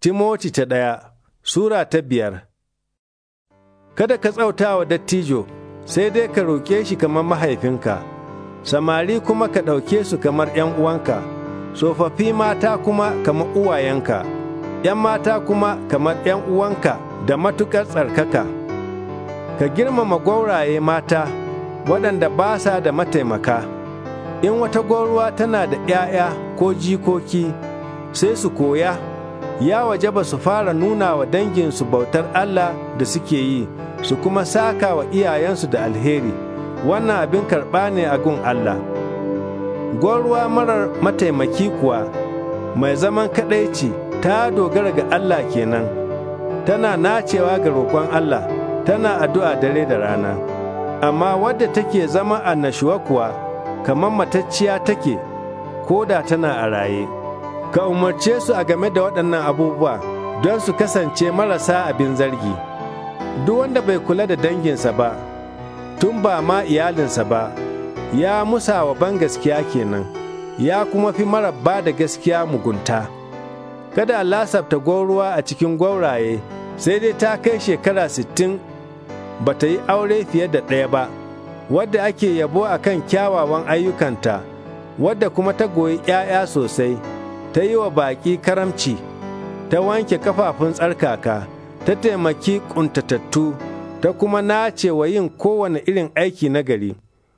Timoti ta ɗaya Sura ta biyar Kada ka tsauta wa dattijo, sai dai ka roƙe shi kamar mahaifinka, samari kuma ka ɗauke su kamar ‘yan uwanka, tsofaffi mata kuma kamar uwayenka, ‘yan mata kuma kamar ‘yan uwanka da matuƙar tsarkaka. Ka girmama gwauraye mata waɗanda ba sa da mataimaka, in wata gwauruwa tana da ‘ya'ya ko jikoki, sai su koya. ya waje ba su fara nuna wa danginsu bautar Allah da suke yi su kuma saka wa iyayensu da alheri wannan abin karɓa ne a gun Allah gwarwa marar mataimaki kuwa mai zaman kaɗaici ta dogara ga Allah kenan tana nacewa ga roƙon Allah tana addu'a dare da rana amma wadda take zama annashuwa kuwa kamar matacciya take ko da tana a raye. ka umarce su a game da waɗannan abubuwa don su kasance marasa abin zargi duk wanda bai kula da danginsa ba tun ba ma iyalinsa ba ya musa wa ban gaskiya kenan ya kuma fi ba da gaskiya mugunta kada a lasafta gwauruwa a cikin gwauraye sai dai ta kai shekara sittin ba ta yi aure fiye da ɗaya ba wadda ake yabo a kan kyawawan ayyukanta wadda kuma ta goyi 'ya'ya sosai ta yi wa baƙi karamci, ta wanke kafafun tsarkaka, ta taimaki ƙuntatattu, ta kuma nace wa yin kowane irin aiki nagari.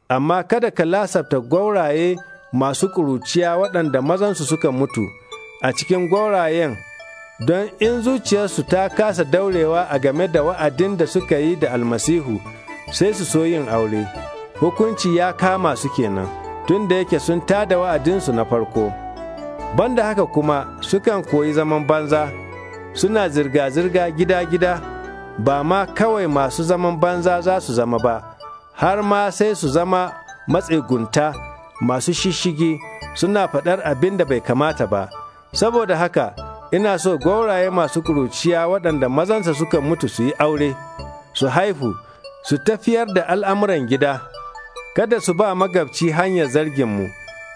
Amma kada ka lasafta gwauraye masu ƙuruciya waɗanda mazansu suka mutu a cikin gwaurayen don in zuciyarsu ta kasa daurewa a game da wa'adin da suka yi da almasihu sai su so yin aure hukunci ya kama su kenan tun da yake sun tada wa'adinsu na farko. banda haka kuma sukan koyi zaman banza suna zirga-zirga gida-gida ba ma kawai masu zaman banza za su zama ba har ma sai su zama matsegunta masu shishigi suna faɗar abin da bai kamata ba saboda haka ina so gwauraye masu kuruciya waɗanda mazansa suka mutu su yi aure su haifu su tafiyar da al'amuran gida kada su ba magabci hanyar zargin zarginmu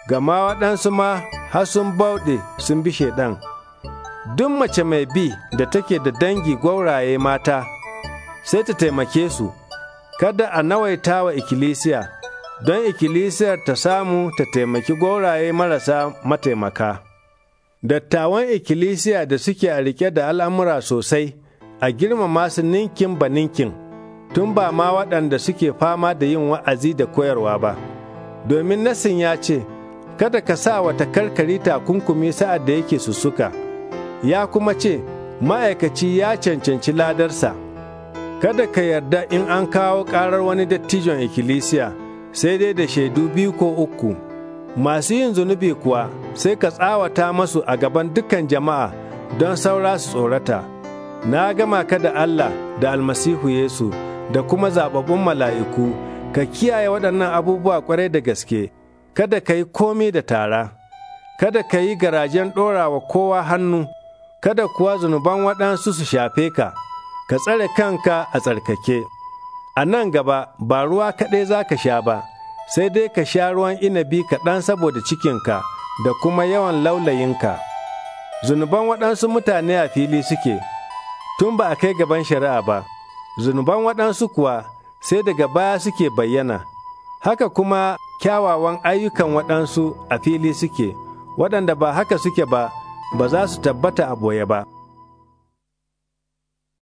gama waɗansu ma har sun bauɗe sun bi shaiɗan. Duk mace mai bi da take da dangi gwauraye mata, sai ta taimake su, kada a nawaita wa ikkilisiya, don ikkilisiyar ta samu ta taimaki gwauraye marasa mataimaka. Dattawan ikkilisiya da suke a rike da al'amura sosai, a girmama su ninkin ba ninkin, tun ba ma waɗanda suke fama da yin wa'azi da koyarwa ba, domin nasin ya ce, kada ka sa wa takarkari takunkumi sa'ad da yake susuka, ya kuma ce, ma'aikaci ya cancanci ladarsa, kada ka yarda in an kawo ƙarar wani dattijon ikkilisiya, sai dai da shaidu biyu ko uku. Masu yin zunubi kuwa sai ka tsawata masu a gaban dukan jama'a don saura su tsorata. Na gama ka da Allah da almasihu Yesu da kuma zababbun mala'iku, ka kiyaye waɗannan abubuwa kwarai da gaske. kada ka yi komi da tara, kada ka yi garajen ɗorawa kowa hannu, kada kuwa zunuban waɗansu su shafe ka, ka tsare kanka a tsarkake. A nan gaba ba ruwa kaɗai za ka sha ba, sai dai ka sha ruwan inabi kaɗan saboda cikinka da kuma yawan laulayinka. Zunuban waɗansu mutane a fili suke, tun ba a kai gaban shari'a ba, zunuban waɗansu kuwa sai daga baya suke bayyana. Haka kuma kyawawan ayyukan waɗansu a fili suke, waɗanda ba haka suke ba, ba za su tabbata a boye ba.